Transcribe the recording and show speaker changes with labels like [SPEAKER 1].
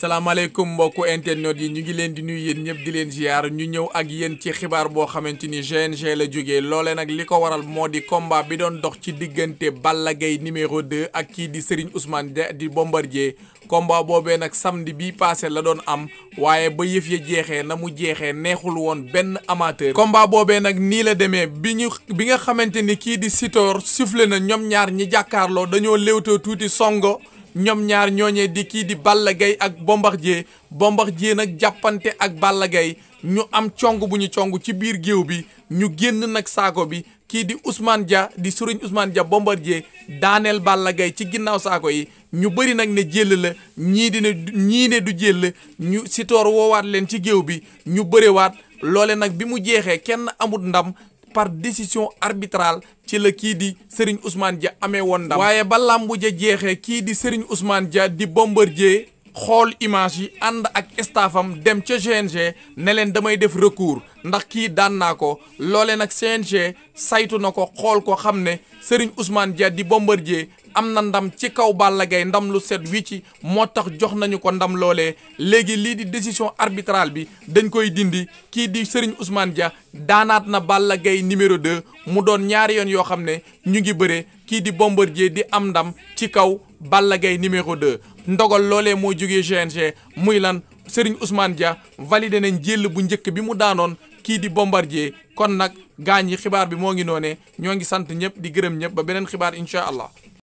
[SPEAKER 1] salaamaaleykum mbokku internet yi ñu ngi leen di nuyu yéen ñëpp di leen giyaar ñu ñëw ak yéen ci xibaar boo xamante ni GNG la jóge loole nag li ko waral moo di combat bi doon dox ci diggante Balla Gaye numéro ak kii di Serigne Ousmane di Bombardier combat boobee nag samdi bi passé la doon am waaye ba yëf ya jeexee na mu jeexee neexul woon benn amateur. combat boobee nag nii la demee bi ñu bi nga xamante ni kii di Sitor sifflé na ñoom ñaar ñi jàkkaarloo dañoo léewtoo tuuti songo. ñoom ñaar ñooñee di kii di Balla Gaye ak Bombardier Bombardier nag jàppante ak Balla Gaye ñu am cong bu ñu cong ci biir géew bi ñu génn nag saako bi kii di Ousmane ja di usmaan ja bombar Bombardier daaneel Balla Gaye ci ginnaaw saako yi ñu bëri nag ne jël la ñii di ne ñii ne du jël ñu si toor woowaat leen ci géew bi ñu bëriwaat loole nag bi mu jeexee kenn amut ndam par décision arbitrale ci la kii di Serigne Ousmane Dia amee woon ndam waaye ba làmbu ja jeexee kii di Serigne Ousmane Dia di Bombardier xool image yi ànd ak staffam dem ca CNG ne leen damay def recours ndax kii daan naa ko loole nag CNG saytu na ko xool ko xam ne Serigne Ousmane Dia di Bombardier am na ndam ci kaw bàll Gaye ndam lu set wi ci moo tax jox nañu ko ndam loole léegi lii di décision arbitrale bi dañ koy dindi kii di Serigne Ousmane Dia daanaat na Balla Gaye numéro 2 mu doon ñaari yoon yoo xam ne ñu ngi bëre kii di Bombardier di am ndam ci kaw Balla Gaye numéro 2 ndogal loole moo jógee GNG muy lan Serigne Ousmane Dia validé nañ jël bu njëkk bi mu daanoon kii di Bombardier kon nag gaañ yi xibaar bi moo ngi noonee ñoo ngi sant ñëpp di gërëm ñëpp ba beneen xibaar incha allah